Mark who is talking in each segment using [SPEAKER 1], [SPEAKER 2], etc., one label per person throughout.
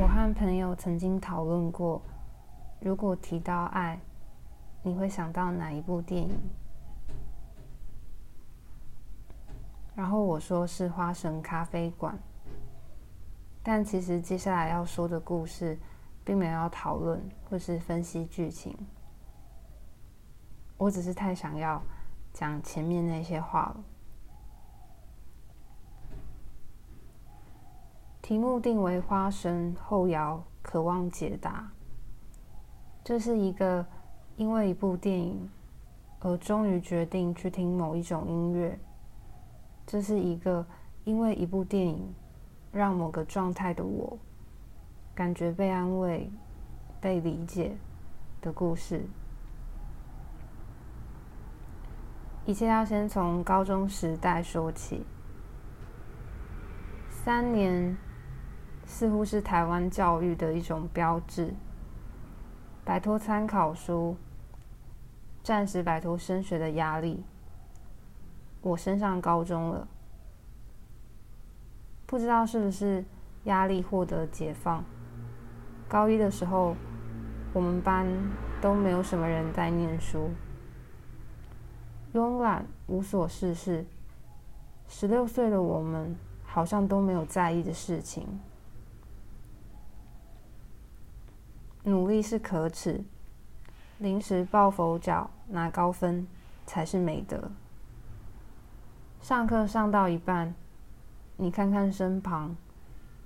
[SPEAKER 1] 我和朋友曾經討論過，如果提到愛，你會想到哪一部電影？然後我說是《花神咖啡館》，但其實接下來要說的故事，並沒有要討論或是分析劇情，我只是太想要講前面那些話了。題目定為《花神後搖》，渴望解答。這是一個因為一部電影而終於決定去聽某一種音樂，這是一個因為一部電影讓某個狀態的我感覺被安慰、被理解的故事。一切要先從高中時代說起，三年。似乎是台灣教育的一種標誌。擺脫參考書，暫時擺脫升學的壓力。我升上高中了，不知道是不是壓力獲得解放。高一的時候，我們班都沒有什麼人在念書，慵懶無所事事。十六歲的我們，好像都沒有在意的事情。努力是可恥，臨時抱佛腳拿高分才是美德。上課上到一半，你看看身旁，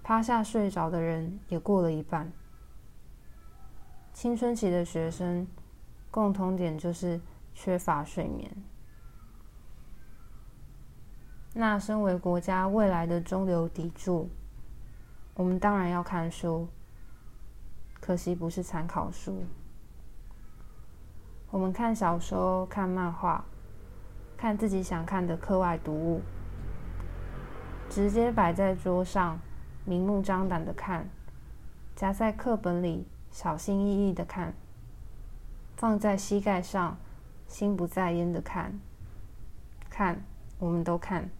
[SPEAKER 1] 趴下睡着的人也過了一半。青春期的學生，共同點就是缺乏睡眠。那身為國家未來的中流砥柱，我們當然要看書。可惜不是參考書。我們看小說、看漫畫、看自己想看的課外讀物，直接擺在桌上，明目張膽的看；夾在課本裡，小心翼翼的看；放在膝蓋上，心不在焉的看。看，我們都看。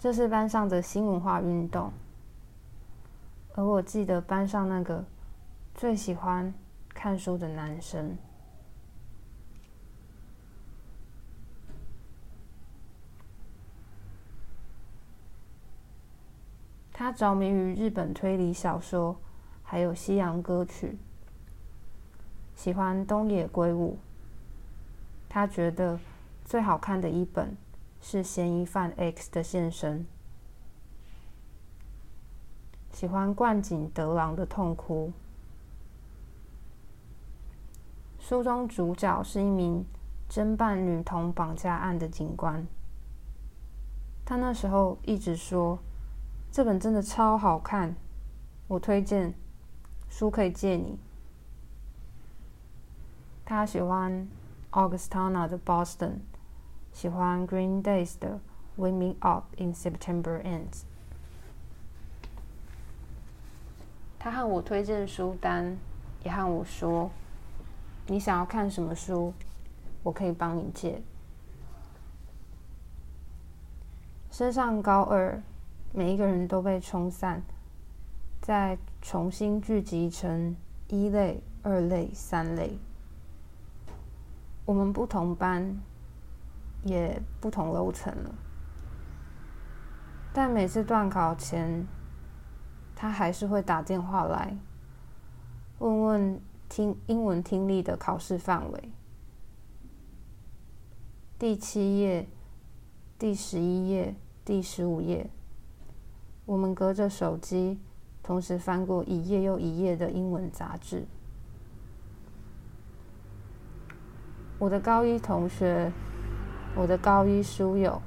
[SPEAKER 1] 這是班上的新文化運動。而我記得班上那個最喜歡看書的男生，他着迷於日本推理小說，還有西洋歌曲，喜歡東野圭吾。他覺得最好看的一本是《嫌疑犯 X 的現身》。喜歡貫井德郎的慟哭。書中主角是一名偵辦女童綁架案的警官，他那時候一直說：“這本真的超好看，我推薦，書可以借你。”他喜歡 Augustana 的 Boston，喜歡 Green Days 的 “Wake Me Up When September Ends”。他和我推薦書單，也和我說，你想要看什麼書，我可以幫你借。升上高二，每一個人都被沖散，再重新聚集成一類、二類、三類。我們不同班，也不同樓層了。但每次段考前，他還是會打電話來，問問聽英文聽力的考試範圍。第七頁、第十一頁、第十五頁，我們隔着手機同時翻過一頁又一頁的英文雜誌。我的高一同學，我的高一書友，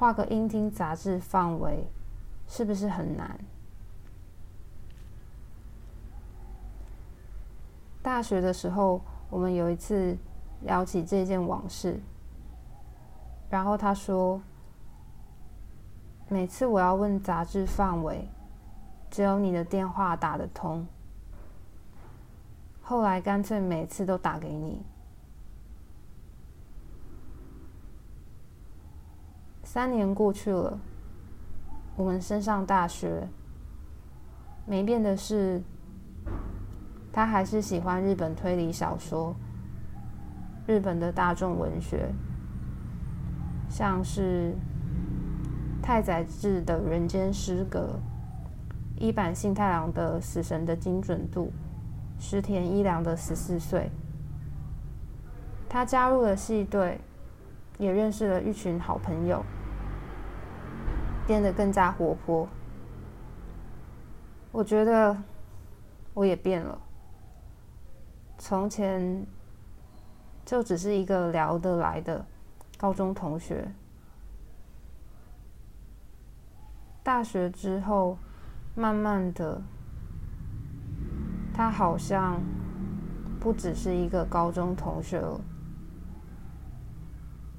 [SPEAKER 1] 畫個英聽雜誌範圍，是不是很難？大學的時候，我們有一次聊起這件往事，然後他說：“每次我要問雜誌範圍，只有你的電話打得通。後來乾脆每次都打給你。三年過去了，我們升上大學，沒變的是。”他還是喜歡日本推理小說，日本的大眾文學，像是太宰治的《人間失格》，伊坂幸太郎的《死神的精準度》，石田衣良的《十四歲》。他加入了戲隊，也認識了一群好朋友，變得更加活潑。我覺得，我也變了。從前就只是一個聊得來的高中同學，大學之後，慢慢的，他好像不只是一個高中同學了，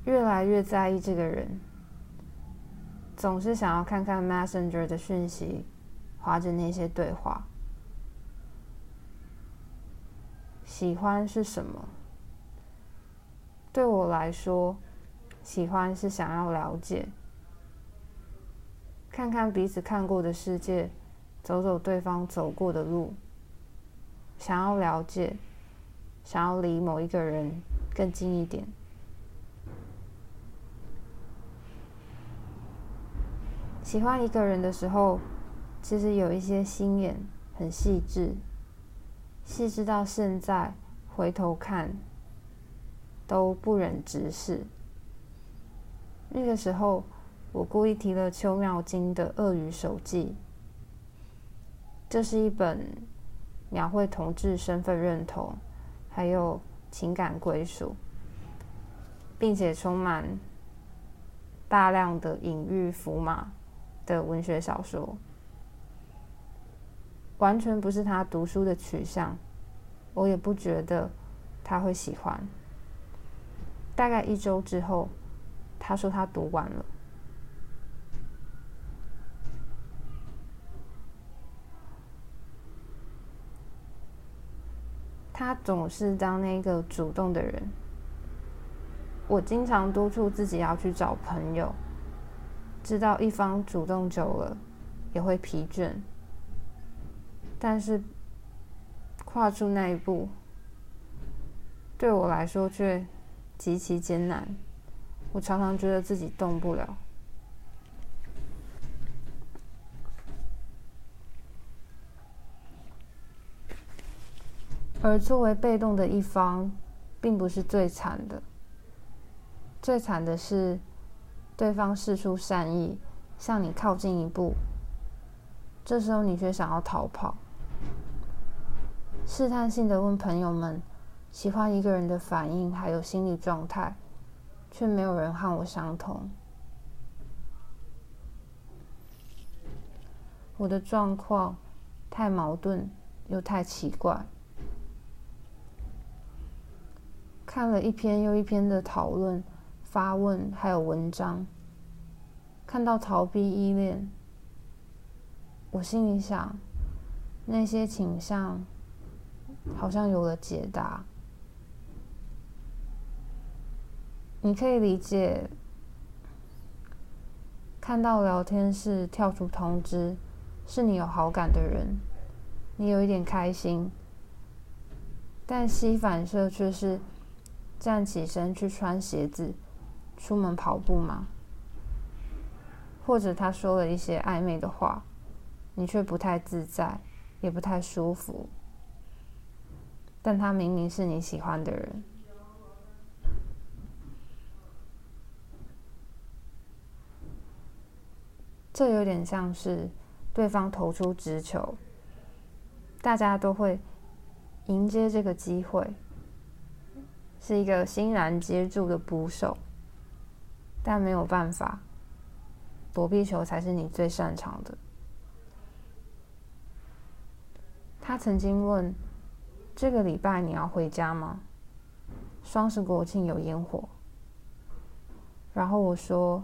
[SPEAKER 1] 越來越在意這個人，總是想要看看 Messenger 的訊息，滑著那些對話。喜歡是什麼？對我來說，喜歡是想要了解，看看彼此看過的世界，走走對方走過的路，想要了解，想要離某一個人更近一點。喜歡一個人的時候，其實有一些心眼，很細緻。細緻到現在，回頭看，都不忍直視。那個時候，我故意提了邱妙津的《鱷魚手記》，這是一本描繪同志身份認同，還有情感歸屬，並且充滿大量的隱喻符碼的文學小說。完全不是他讀書的取向，我也不覺得他會喜歡。大概一周之後，他說他讀完了。他總是當那個主動的人。我經常督促自己要去找朋友，知道一方主動久了也會疲倦。但是，跨出那一步，對我來說卻極其艱難。我常常覺得自己動不了。而作為被動的一方，並不是最慘的。最慘的是，對方釋出善意，向你靠近一步，這時候你卻想要逃跑。試探性的問朋友們喜歡一個人的反應，還有心理狀態，卻沒有人和我相同。我的狀況太矛盾又太奇怪。看了一篇又一篇的討論、發問還有文章，看到逃避依戀，我心裡想，那些傾向。好像有了解答，你可以理解，看到聊天室跳出通知，是你有好感的人，你有一點開心，但膝反射卻是站起身去穿鞋子，出門跑步嗎？或者他說了一些曖昧的話，你卻不太自在，也不太舒服。但他明明是你喜歡的人，這有點像是對方投出直球，大家都會迎接這個機會，是一個欣然接住的捕手，但沒有辦法，躲避球才是你最擅長的。他曾經問。這個禮拜你要回家嗎？雙十國慶有煙火。然後我說：“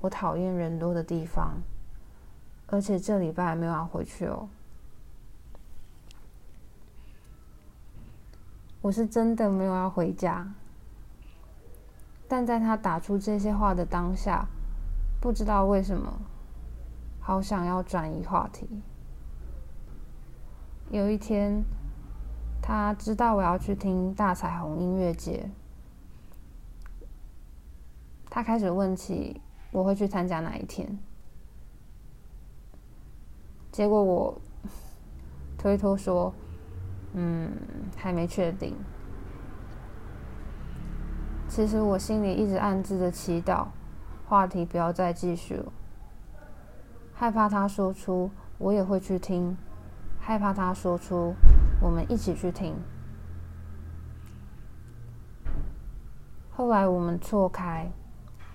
[SPEAKER 1] 我討厭人多的地方，而且這禮拜沒有要回去哦。”我是真的沒有要回家。但在他打出這些話的當下，不知道為什麼，好想要轉移話題。有一天。他知道我要去聽大彩虹音樂節，他開始問起我會去參加哪一天，結果我推脫說：“嗯，還沒確定。”其實我心裡一直暗自的祈禱，話題不要再繼續了，害怕他說出我也會去聽，害怕他說出。我們一起去聽。後來我們錯開，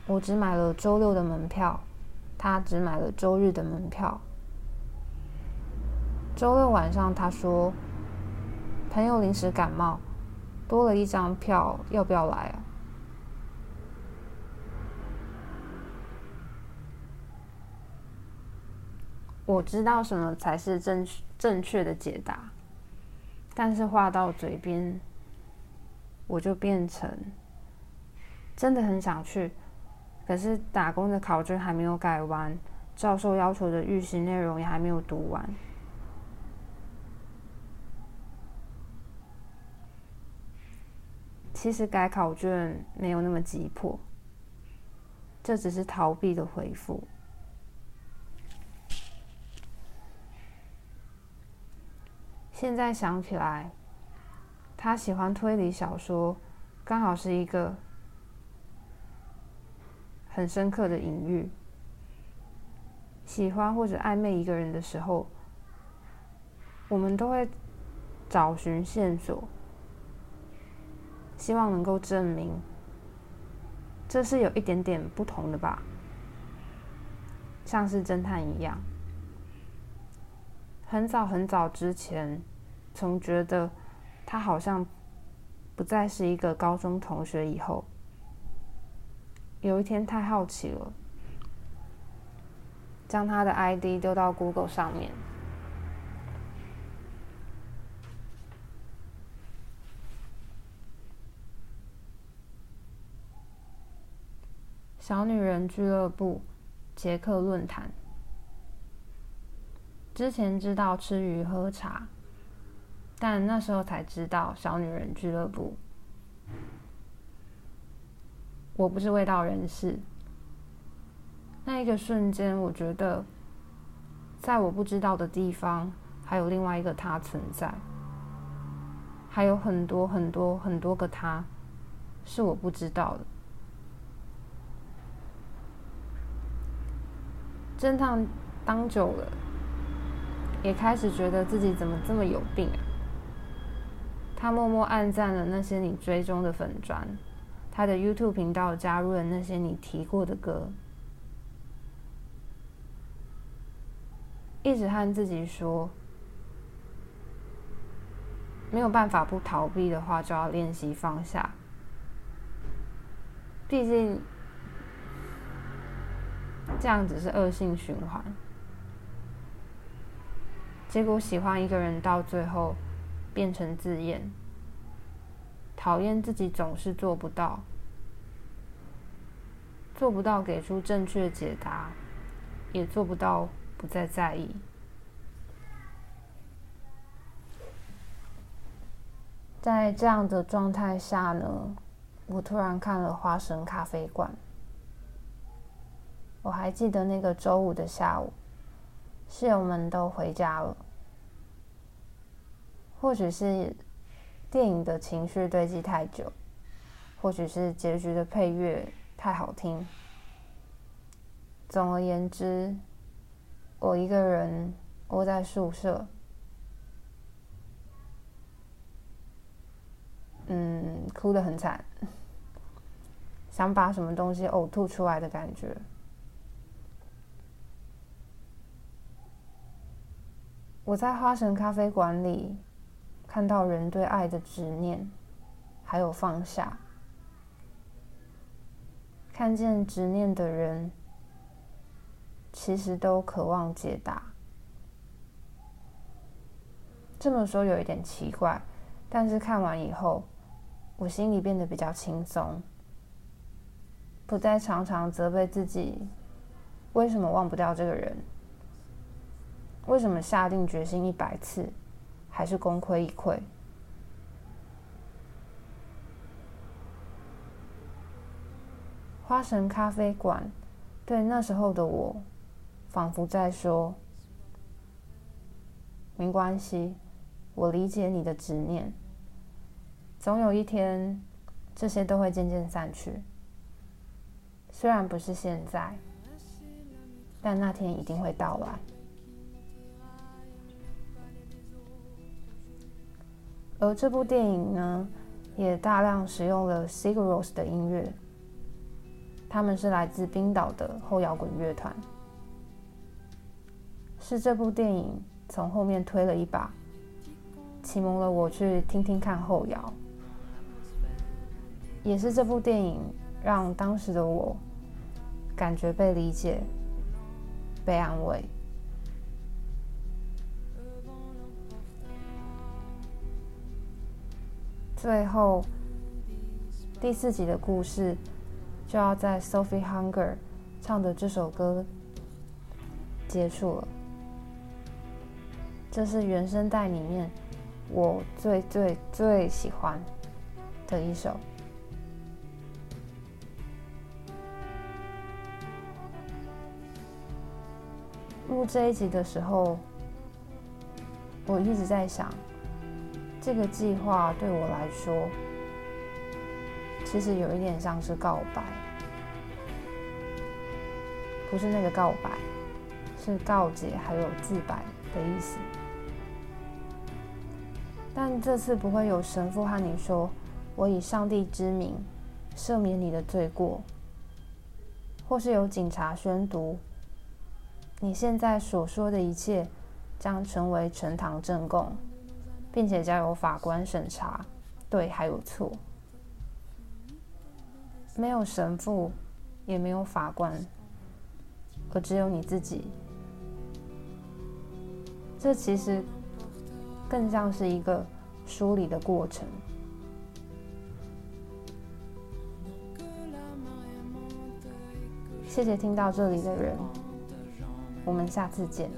[SPEAKER 1] 我只買了周六的門票，他只買了周日的門票。周六晚上，他說朋友臨時感冒，多了一張票，要不要來啊？我知道什麼才是正正確的解答。但是話到嘴邊，我就變成真的很想去，可是打工的考卷還沒有改完，教授要求的預習內容也還沒有讀完。其實改考卷沒有那麼急迫，這只是逃避的回復。現在想起來，他喜歡推理小說，剛好是一個很深刻的隱喻。喜歡或者曖昧一個人的時候，我們都會找尋線索，希望能夠證明這是有一點點不同的吧，像是偵探一樣。很早很早之前。總覺得他好像不再是一個高中同學以後，有一天太好奇了，將他的 ID 丟到 Google 上面。小女人俱樂部、傑克論壇，之前知道吃魚喝茶。但那時候才知道，小女人俱樂部，我不是味道人士。那一個瞬間，我覺得，在我不知道的地方，還有另外一個他存在，還有很多很多很多個他，是我不知道的。偵探當久了，也開始覺得自己怎麼這麼有病啊！他默默按讚了那些你追蹤的粉專，他的 YouTube 頻道加入了那些你提過的歌，一直和自己說，沒有辦法不逃避的話，就要練習放下，畢竟這樣只是惡性循環。結果喜歡一個人到最後。變成自厭，討厭自己總是做不到，做不到給出正確的解答，也做不到不再在意。在這樣的狀態下呢，我突然看了《花神咖啡館》，我還記得那個週五的下午，室友們都回家了。或許是電影的情緒堆積太久，或許是結局的配樂太好聽。總而言之，我一個人窩在宿舍，嗯，哭得很慘，想把什麼東西嘔吐出來的感覺。我在花神咖啡館裡。看到人對愛的執念，還有放下，看見執念的人，其實都渴望解答。這麼說有一點奇怪，但是看完以後，我心裡變得比較輕鬆，不再常常責備自己，為什麼忘不掉這個人？為什麼下定決心一百次？還是功虧一簣。花神咖啡館，對那時候的我，仿佛在說：“沒關係，我理解你的執念。總有一天，這些都會漸漸散去。雖然不是現在，但那天一定會到來。”而這部電影呢，也大量使用了 Sigur Rós 的音樂。他們是來自冰島的後搖滾樂團，是這部電影從後面推了一把，啟蒙了我去聽聽看後搖。也是這部電影讓當時的我感覺被理解、被安慰。最後，第四集的故事就要在 Sophie Hunger 唱的這首歌結束了。這是原聲帶裡面我最最最喜歡的一首。錄這一集的時候，我一直在想。這個計劃對我來說，其實有一點像是告白，不是那個告白，是告解還有自白的意思。但這次不會有神父和你說“我以上帝之名赦免你的罪過”，或是由警察宣讀你現在所說的一切將成為呈堂證供。並且交由法官審查，對，還有錯，沒有神父，也沒有法官，而只有你自己。這其實更像是一個梳理的過程。謝謝聽到這裡的人，我們下次見。